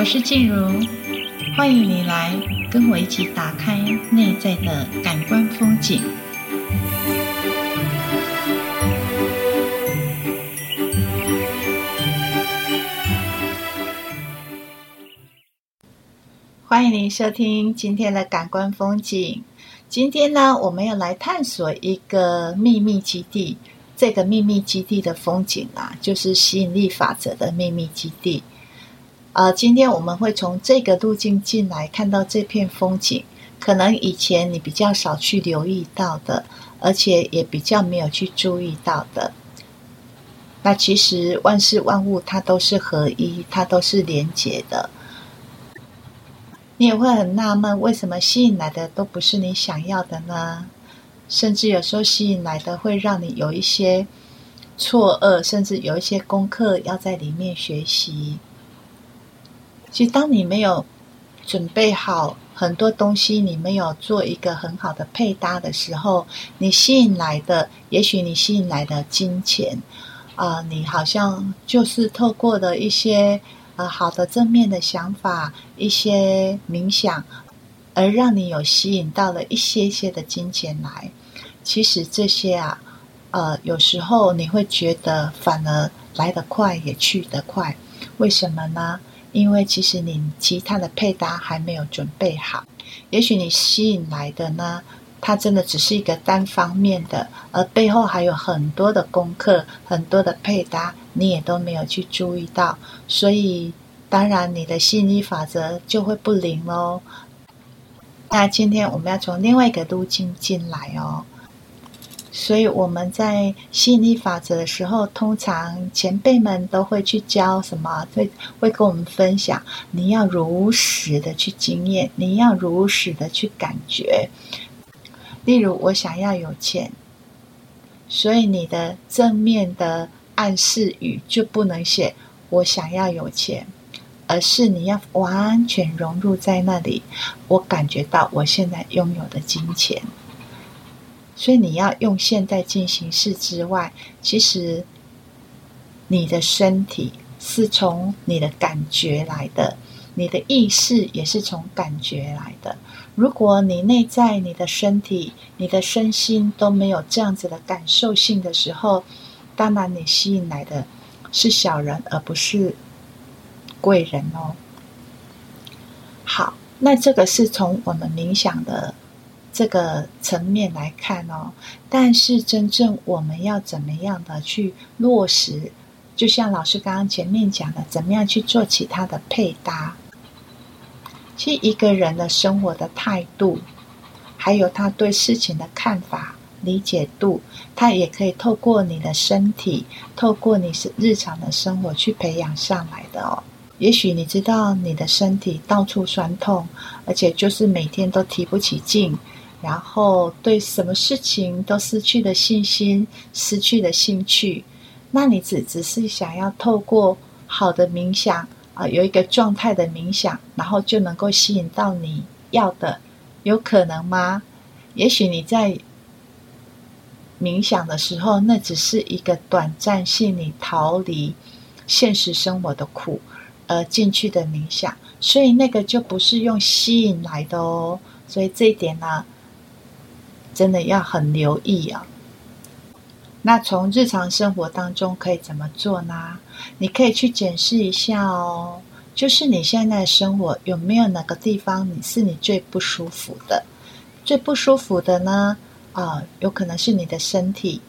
我是靜茹，歡迎您來跟我一起打開內在的感官風景。歡迎您收聽今天的感官風景。今天呢，我們要來探索一個秘密基地。這個秘密基地的風景啊，就是吸引力法則的秘密基地。呃，今天我們會從這個路徑進來，看到這片風景，可能以前你比較少去留意到的，而且也比較沒有去注意到的。那其實萬事萬物它都是合一，它都是連結的。你也會很納悶，為什麼吸引來的都不是你想要的呢？甚至有時候吸引來的會讓你有一些錯愕，甚至有一些功課要在裡面學習。其實，當你沒有準備好很多東西，你沒有做一個很好的配搭的時候，你吸引來的，也許你吸引來的金錢啊、呃，你好像就是透過的一些呃好的正面的想法、一些冥想，而讓你有吸引到了一些一些的金錢來。其實這些啊，呃，有時候你會覺得反而來得快，也去得快，為什麼呢？因為其實你其他的配搭還沒有準備好，也許你吸引來的呢，它真的只是一個單方面的，而背後還有很多的功課、很多的配搭，你也都沒有去注意到，所以當然你的吸引力法則就會不靈嘍、哦。那今天我們要從另外一個路徑進來哦。所以我們在吸引力法則的時候，通常前輩們都會去教什麼，會會跟我們分享。你要如實的去經驗，你要如實的去感覺。例如，我想要有錢，所以你的正面的暗示語就不能寫“我想要有錢”，而是你要完全融入在那裡。我感覺到我現在擁有的金錢。所以你要用現在進行式之外，其實你的身體是從你的感覺來的，你的意識也是從感覺來的。如果你內在你的身體、你的身心都沒有這樣子的感受性的時候，當然你吸引來的是小人，而不是貴人哦。好，那這個是從我們冥想的。這個層面來看哦，但是真正我們要怎麼樣的去落實？就像老師剛剛前面講的，怎麼樣去做其他的配搭？其實一個人的生活的態度，還有他對事情的看法、理解度，他也可以透過你的身體，透過你是日常的生活去培養上來的哦。也許你知道你的身體到處酸痛，而且就是每天都提不起勁。然後對什麼事情都失去了信心，失去了興趣，那你只只是想要透過好的冥想啊，呃，有一個狀態的冥想，然後就能夠吸引到你要的，有可能嗎？也許你在冥想的時候，那只是一個短暫性你逃離現實生活的苦而進去的冥想，所以那個就不是用吸引來的哦，所以這一點呢。真的要很留意啊、哦！那從日常生活當中可以怎麼做呢？你可以去檢視一下哦，就是你現在的生活有沒有哪個地方你是你最不舒服的？最不舒服的呢？啊、呃，有可能是你的身體，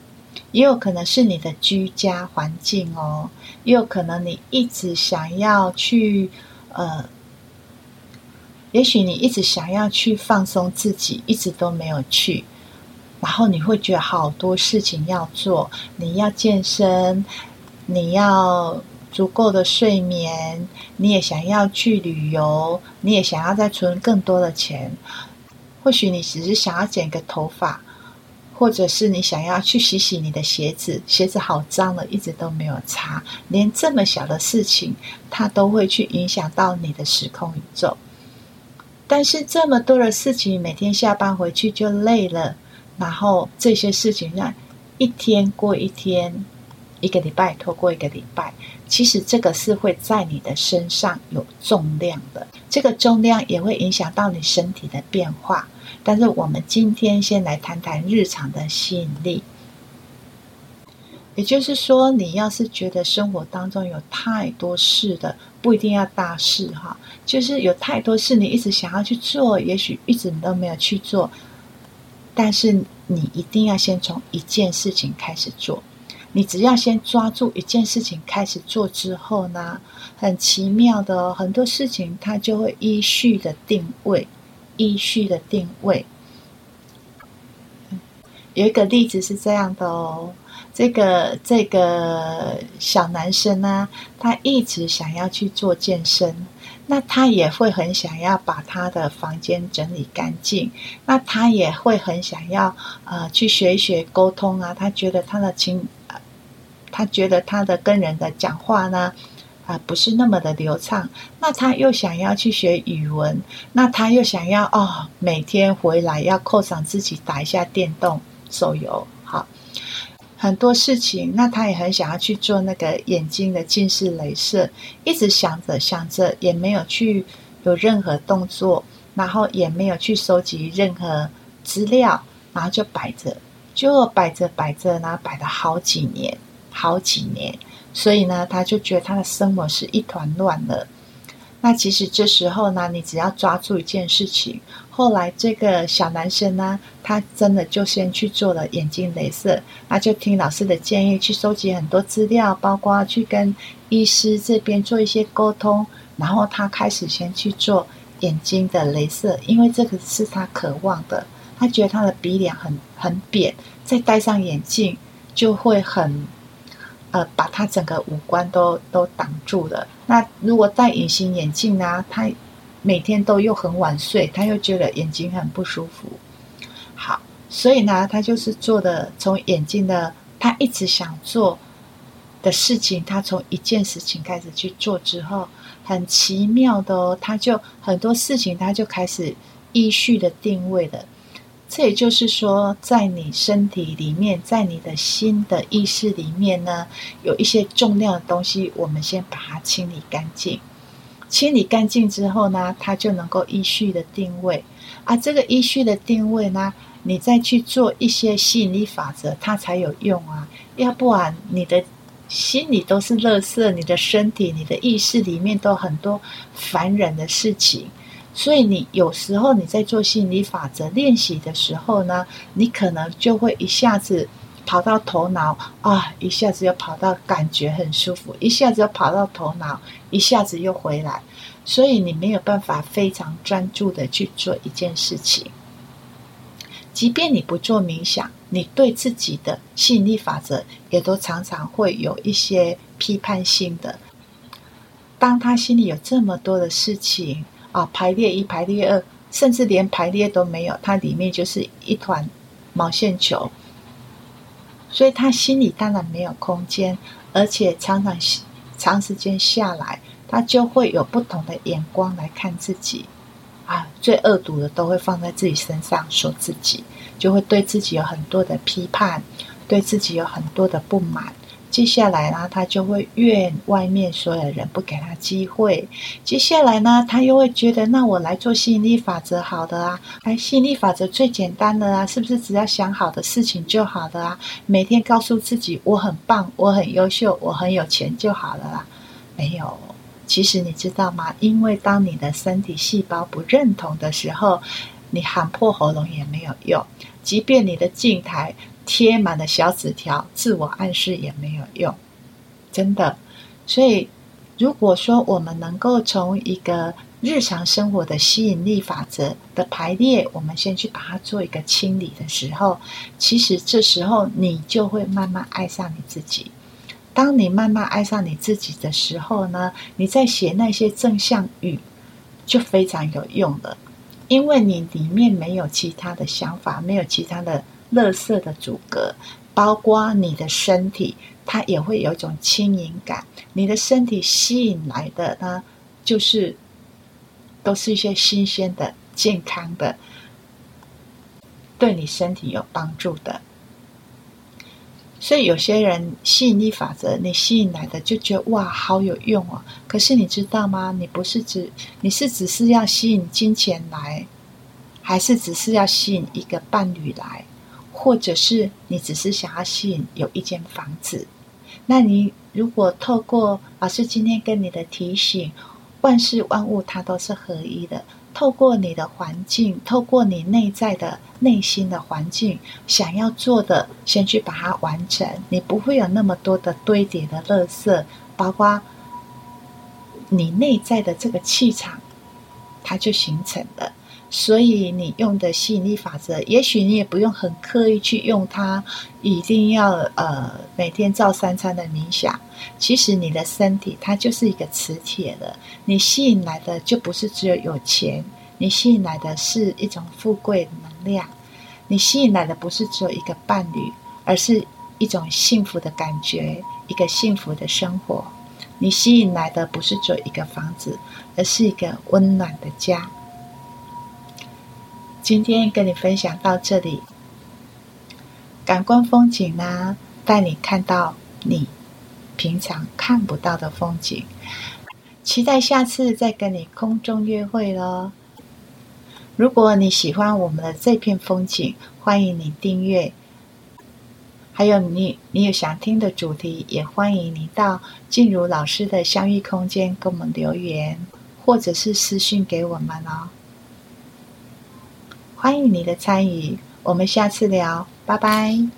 也有可能是你的居家環境哦，也有可能你一直想要去呃，也許你一直想要去放鬆自己，一直都沒有去。然後你會覺得好多事情要做，你要健身，你要足夠的睡眠，你也想要去旅遊，你也想要再存更多的錢。或許你只是想要剪個頭髮，或者是你想要去洗洗你的鞋子，鞋子好髒了，一直都沒有擦。連這麼小的事情，它都會去影響到你的時空宇宙。但是這麼多的事情，每天下班回去就累了。然後這些事情，讓一天過一天，一個禮拜拖過一個禮拜，其實這個是會在你的身上有重量的。這個重量也會影響到你身體的變化。但是我們今天先來談談日常的吸引力，也就是說，你要是覺得生活當中有太多事的，不一定要大事哈，就是有太多事你一直想要去做，也許一直你都沒有去做。但是你一定要先從一件事情開始做，你只要先抓住一件事情開始做之後呢，很奇妙的哦，很多事情它就會依序的定位，依序的定位。有一個例子是這樣的哦，這個這個小男生呢，啊，他一直想要去做健身。那他也會很想要把他的房間整理乾淨，那他也會很想要呃去學一學溝通啊，他覺得他的情，呃、他覺得他的跟人的講話呢啊、呃、不是那麼的流暢，那他又想要去學語文，那他又想要哦每天回來要犒賞自己打一下電動手遊。很多事情，那他也很想要去做那個眼睛的近視鐳射，一直想着想着，也沒有去有任何動作，然後也沒有去收集任何資料，然後就擺着，就擺着擺着，然後擺了好幾年，好幾年，所以呢，他就覺得他的生活是一團亂了。那其實這時候呢，你只要抓住一件事情。後來這個小男生呢，他真的就先去做了眼睛鐳射，那就聽老師的建議，去收集很多資料，包括去跟醫師這邊做一些溝通。然後他開始先去做眼睛的鐳射，因為這個是他渴望的。他覺得他的鼻梁很很扁，再戴上眼鏡就會很。呃，把他整個五官都都擋住了。那如果戴隱形眼鏡呢、啊？他每天都又很晚睡，他又覺得眼睛很不舒服。好，所以呢，他就是做的從眼鏡的，他一直想做的事情，他從一件事情開始去做之後，很奇妙的哦，他就很多事情他就開始依序的定位了。這也就是說，在你身體裡面，在你的心的意識裡面呢，有一些重要的東西，我們先把它清理乾淨。清理乾淨之後呢，它就能夠依序的定位。啊，這個依序的定位呢，你再去做一些吸引力法則，它才有用啊。要不然，你的心裡都是垃圾，你的身體、你的意識裡面都很多煩人的事情。所以你有時候你在做吸引力法則練習的時候呢，你可能就會一下子跑到頭腦啊，一下子又跑到感覺很舒服，一下子又跑到頭腦，一下子又回來。所以你沒有辦法非常專注的去做一件事情。即便你不做冥想，你對自己的吸引力法則也都常常會有一些批判性的。當他心裡有這麼多的事情。啊，排列一、排列二，甚至連排列都沒有，它裡面就是一團毛線球。所以他心裡當然沒有空間，而且常常長，長時間下來，他就會有不同的眼光來看自己。啊，最惡毒的都會放在自己身上，說自己，就會對自己有很多的批判，對自己有很多的不滿。接下來呢，他就會怨外面所有人不給他機會。接下來呢，他又會覺得，那我來做吸引力法則好的啊，哎吸引力法則最簡單的啊，是不是只要想好的事情就好的啊？每天告訴自己我很棒，我很優秀，我很有錢就好了啦。沒有，其實你知道嗎？因為當你的身體細胞不認同的時候，你喊破喉嚨也沒有用，即便你的鏡台。貼滿了小紙條，自我暗示也沒有用，真的。所以，如果說我們能夠從一個日常生活的吸引力法則的排列，我們先去把它做一個清理的時候，其實這時候你就會慢慢愛上你自己。當你慢慢愛上你自己的時候呢，你再寫那些正向語就非常有用了，因為你裡面沒有其他的想法，沒有其他的。垃圾的阻隔，包括你的身體，它也會有一種輕盈感。你的身體吸引來的呢，就是都是一些新鮮的、健康的，對你身體有幫助的。所以有些人吸引力法則，你吸引來的就覺得哇，好有用哦。可是你知道嗎？你不是只你是只是要吸引金錢來，還是只是要吸引一個伴侶來？或者是你只是想要吸引有一間房子，那你如果透過老師今天跟你的提醒，萬事萬物它都是合一的。透過你的環境，透過你內在的內心的環境，想要做的，先去把它完成，你不會有那麼多的堆疊的垃圾，包括你內在的這個氣場，它就形成了。所以你用的吸引力法則，也許你也不用很刻意去用它，一定要呃每天照三餐的冥想。其實你的身體它就是一個磁鐵了，你吸引來的就不是只有有錢，你吸引來的是一種富貴能量。你吸引來的不是只有一個伴侶，而是一種幸福的感覺，一個幸福的生活。你吸引來的不是只有一個房子，而是一個溫暖的家。今天跟你分享到這裡，感官風景呢、啊，帶你看到你平常看不到的風景。期待下次再跟你空中約會咯。如果你喜歡我們的這片風景，歡迎你訂閱。還有你，你有想聽的主題，也歡迎你到靜茹老師的相遇空間給我們留言，或者是私信給我們哦。歡迎你的參與，我們下次聊，拜拜。